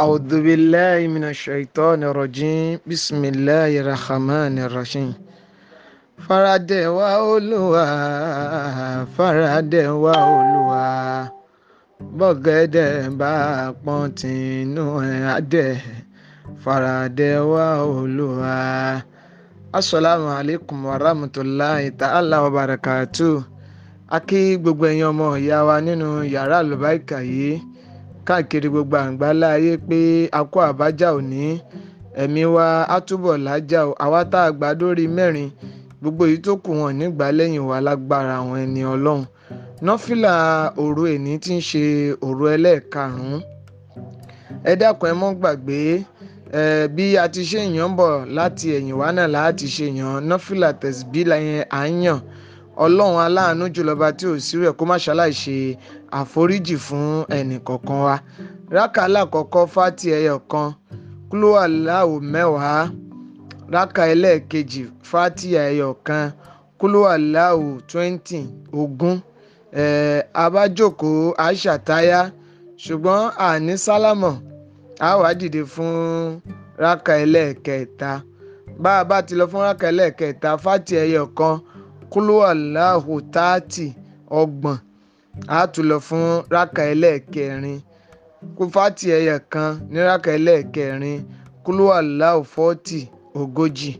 أعوذ بالله من الشيطان الرجيم بسم الله الرحمن الرحيم faradẹ wá olúwa faradẹ wá olúwa bọ́gẹ́dẹ́ bá pọ́n tìǹú ẹ̀ adẹ faradẹ wá olúwa. asalaamu alaykum wa rahmatulahi ta'ala wa barakatu. a kí gbogbo ẹ̀yin ọmọ ìyá wa nínú yàrá àlùbáìkà yìí káàkiri gbogbo àǹgbá láàyè pé a kó àbájá òní ẹ̀mí wa á túbọ̀ lájà o àwa tá a gbà dórí mẹ́rin gbogbo èyí tó kù wọn nígbà lẹ́yìn wa lágbára àwọn ẹni ọlọ́run nọ́fìlà òru èní tí ń ṣe òru ẹlẹ́ẹ̀karùn-ún ẹ dákun ẹ mọ́ gbàgbé ẹ bí a ti ṣe yàn bọ̀ láti ẹ̀yìn wa náà láti ṣe yàn nọ́fìlà tẹ̀síbí la yẹn à ń yàn ọlọ́run aláàánú jùlọba tí ò sí rẹ̀ kó má ṣaláì ṣe àforíjì fún ẹnì kọ̀ọ̀kan wa rákà alákọ̀ọ́kọ́ fati ẹyọ kan kúlúwà láwò mẹ́wàá rákà ẹlẹ́ẹ̀kejì fati ẹyọ kan kúlúwà láwò twenty ogún ẹ̀ẹ́ abájókòó àṣàtáyà ṣùgbọ́n àní sálámọ̀ a wá dìde fún rákà ẹlẹ́ẹ̀kẹta bá a bá ti lọ fún rákà ẹlẹ́ẹ̀kẹta fati ẹyọ kan kúló aláhù táàtì ọgbọ̀n àtúlọ fún rákà ẹlẹ́ẹ̀kẹrin kúfàtì ẹyẹ kan ní rákà ẹlẹ́ẹ̀kẹrin kúló aláhù fọ́tì ogójì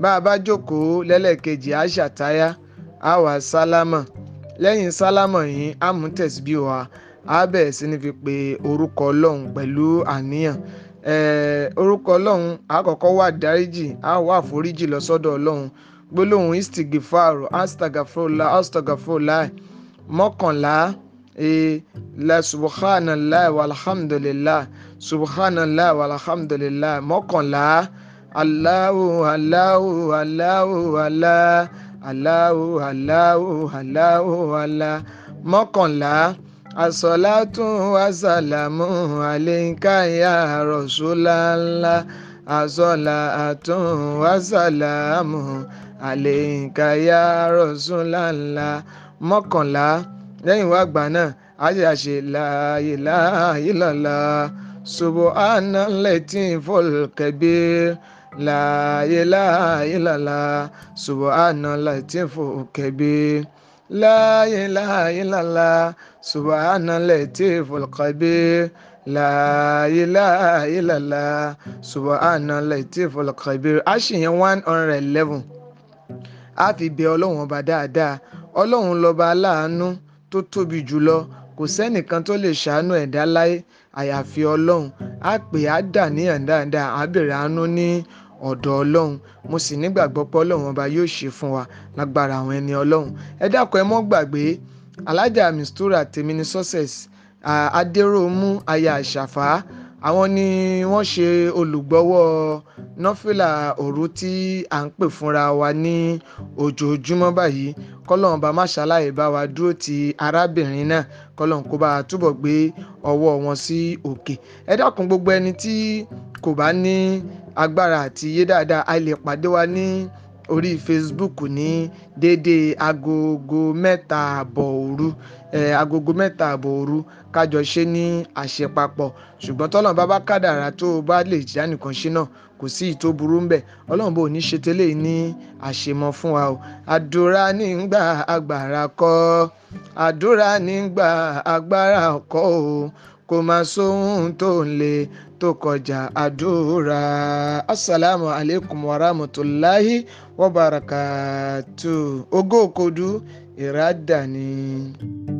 bá a bá jókòó lẹ́lẹ́kejì á ṣàtáyà á wà sálámà lẹ́yìn sálámà yìí á mú tẹ̀síbí wa á bẹ̀rẹ̀ sí ní fi pe orúkọ ọlọ́run pẹ̀lú àníyàn orúkọ ọlọ́run á kọ́kọ́ wá dáríjì á wá àforíjì lọ sọ́dọ̀ gbólóhùn istigifaru astagafola astagafola mọ́kànlá e, la subhanallah walhamdulillah subhanallah walhamdulillah mọ́kànlá aláwo aláwo aláwo alá aláwo aláwo aláwo alá mọ́kànlá asọ̀látún wasalamu aleika ya rasulallah àsọ̀làtún wàsálàmù àlèkàyà rọ̀ṣúnláńlá mọ́kànlá lẹ́yìn wá gbà náà àyàṣe láàyè láàyè lọ́la subuhana lẹ́tì fọlùkẹ́bíir láàyè láàyè lọ́la subuhana lẹ́tì fọlùkẹ́bíir láàyè láàyè lọ́la subuhana lẹ́tì fọlùkẹ́bíir. La ilaha illallah subhanal latiful khabir a ṣì yẹn one hundred eleven a fi bẹ ọlọ́run ọba dáadáa ọlọ́run lọ́ba aláàánú tó tóbi jùlọ kò sẹ́nìkan tó lè ṣàánú ẹ̀dá láyé àyàfi ọlọ́run a pè á dà níyàn dáadáa a bèrè àánú ní ọ̀dọ̀ ọlọ́run mo sì nígbàgbọ́ pé ọlọ́run ọba yóò ṣe fún wa lágbára àwọn ẹni ọlọ́run ẹ dákun ẹ mọ́ gbàgbé alájà mistura tèmi ní success adẹ̀rọ̀mú aya àṣàfà àwọn ni wọ́n ṣe olùgbọ́wọ́ nọ́fìlà òru tí à ń pè fúnra wa ní ojoojúmọ́ báyìí kọ́lọ́n bá má ṣàlàyé bá wa dúró ti arábìnrin náà kọ́lọ́n kó bá túbọ̀ gbé ọwọ́ wọn sí òkè ẹ dákun gbogbo ẹni tí kò bá ní agbára àti iye dáadáa a lè pàdé wa ní orí Facebook ní déédéé agogo mẹ́ta àbọ̀ òru agogo mẹ́ta àbọ̀ òru kájọ ṣe ní àṣepapọ̀ ṣùgbọ́n tọ́lọ́n bá bá kádàrá tó o bá lè já nìkan ṣe náà kò sí ìtò burú ńbẹ̀ ọlọ́run bò ní ṣe tẹ́lẹ̀ ní àṣemọ fún wa o àdúrà nígbà agbára kọ́ àdúrà nígbà agbára kọ́ o kò máa sóhun tó ń le tó kọjá àdúrà asalaamu aleykum wa rahmatulahi wa barakatu ìrádà ni.